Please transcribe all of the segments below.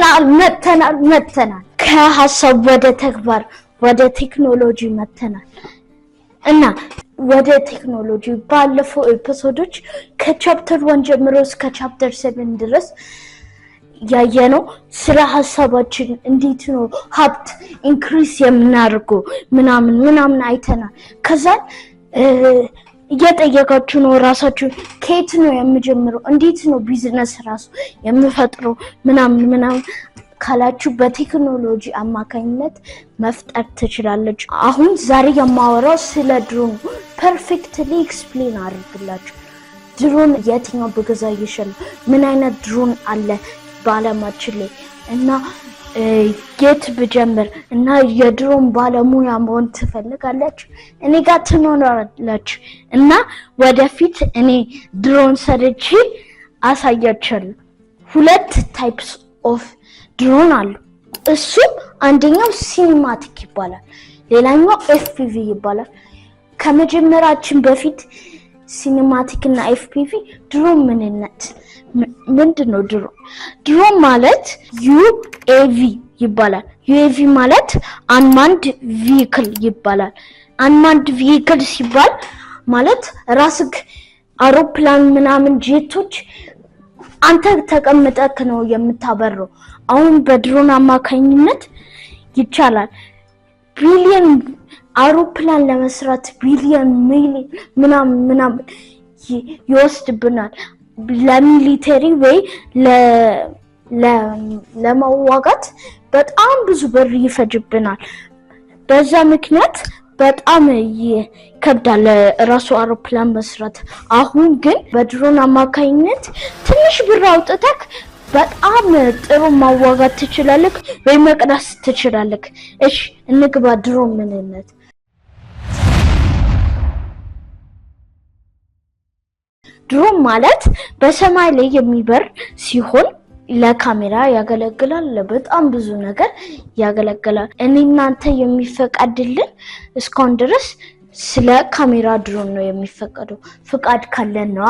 መተናል መተናል መተናል። ከሀሳብ ወደ ተግባር ወደ ቴክኖሎጂ መተናል እና ወደ ቴክኖሎጂ ባለፈው ኤፒሶዶች ከቻፕተር ዋን ጀምሮ እስከ ቻፕተር ሴቨን ድረስ ነው ስለ ሀሳባችን እንዴት ነው ሀብት ኢንክሪስ የምናደርገው ምናምን ምናምን አይተናል። ከዛን እየጠየቃችሁ ነው ራሳችሁን። ከየት ነው የምጀምረው? እንዴት ነው ቢዝነስ ራሱ የምፈጥረው? ምናምን ምናምን ካላችሁ በቴክኖሎጂ አማካኝነት መፍጠር ትችላለች። አሁን ዛሬ የማወራው ስለ ድሮን ፐርፌክትሊ ኤክስፕሌን አድርግላችሁ። ድሮን የትኛው በገዛ ይሻል? ምን አይነት ድሮን አለ በአለማችን ላይ እና የት ብጀምር እና የድሮን ባለሙያ መሆን ትፈልጋላችሁ? እኔ ጋር ትኖራለች እና ወደፊት እኔ ድሮን ሰርቼ አሳያችኋለሁ። ሁለት ታይፕስ ኦፍ ድሮን አሉ። እሱም አንደኛው ሲኒማቲክ ይባላል፣ ሌላኛው ኤፍፒቪ ይባላል። ከመጀመራችን በፊት ሲኒማቲክ እና ኤፍፒቪ ድሮ ምንነት ምንድን ነው? ድሮ ድሮ ማለት ዩኤቪ ይባላል። ዩኤቪ ማለት አንማንድ ቪክል ይባላል። አንማንድ ቪክል ሲባል ማለት ራስክ አውሮፕላን ምናምን ጄቶች አንተ ተቀምጠክ ነው የምታበረው። አሁን በድሮን አማካኝነት ይቻላል ቢሊየን አውሮፕላን ለመስራት ቢሊዮን ሚሊ ምናምን ምናምን ይወስድብናል። ለሚሊተሪ ወይ ለመዋጋት በጣም ብዙ ብር ይፈጅብናል። በዛ ምክንያት በጣም ይከብዳል ራሱ አውሮፕላን መስራት። አሁን ግን በድሮን አማካኝነት ትንሽ ብር አውጥተክ በጣም ጥሩ ማዋጋት ትችላለክ ወይ መቅዳስ ትችላለክ። እሺ እንግባ ድሮን ምንነት ድሮን ማለት በሰማይ ላይ የሚበር ሲሆን ለካሜራ ያገለግላል። ለበጣም ብዙ ነገር ያገለግላል። እኔ እናንተ የሚፈቀድልን እስካሁን ድረስ ስለ ካሜራ ድሮን ነው የሚፈቀደው። ፍቃድ ካለን ነዋ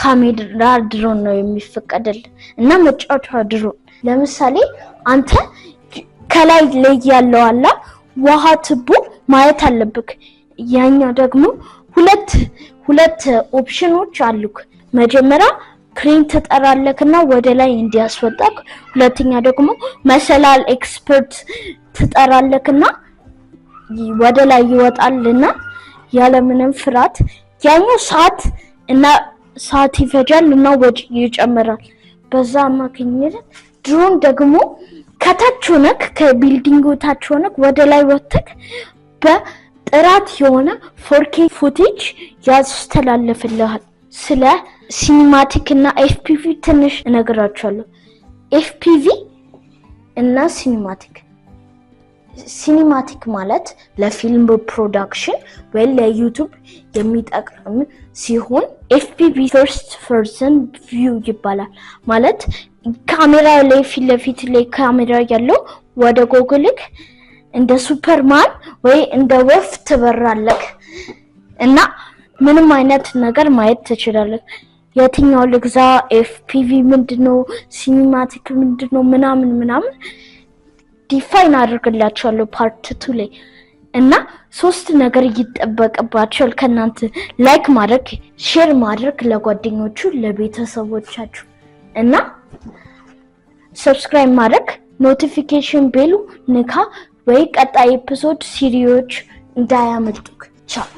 ካሜራ ድሮን ነው የሚፈቀድልን እና መጫወቻ ድሮን ለምሳሌ አንተ ከላይ ላይ ያለው አላ ውሃ ትቦ ማየት አለብክ። ያኛው ደግሞ ሁለት ሁለት ኦፕሽኖች አሉክ። መጀመሪያ ክሬን ትጠራለክ ወደ ላይ እንዲያስወጣክ፣ ሁለተኛ ደግሞ መሰላል ኤክስፐርት ትጠራለክ ወደ ላይ ይወጣልና ያለምንም ፍርሃት። ያኛው ሰዓት እና ሰዓት ይፈጃል እና ወጪ ይጨምራል። በዛ አማካኝነት ድሮን ደግሞ ከታች ሆነክ ከቢልዲንግ ታች ሆነክ ወደ ላይ ወጥተክ በ ጥራት የሆነ ፎርኬ ፉቴጅ ያስተላለፍልሃል። ስለ ሲኒማቲክ እና ኤፍፒቪ ትንሽ እነግራቸዋለሁ። ኤፍፒቪ እና ሲኒማቲክ ሲኒማቲክ ማለት ለፊልም ፕሮዳክሽን ወይም ለዩቱብ የሚጠቅም ሲሆን ኤፍፒቪ ፈርስት ፐርሰን ቪው ይባላል። ማለት ካሜራ ላይ ፊት ለፊት ላይ ካሜራ ያለው ወደ ጎግልክ እንደ ሱፐርማን ወይ እንደ ወፍ ትበራለህ እና ምንም አይነት ነገር ማየት ትችላለህ። የትኛው ልግዛ፣ ኤፍፒቪ ምንድነው፣ ሲኒማቲክ ምንድነው ምናምን ምናምን ዲፋይን አድርግላቸዋለሁ ፓርት ቱ ላይ እና ሶስት ነገር ይጠበቅባቸዋል ከእናንተ ላይክ ማድረግ፣ ሼር ማድረግ ለጓደኞቹ ለቤተሰቦቻችሁ እና ሰብስክራይብ ማድረግ ኖቲፊኬሽን ቤሉ ንካ ወይ ቀጣይ ኤፒሶድ ሲሪዎች እንዳያመልጡክ። ቻው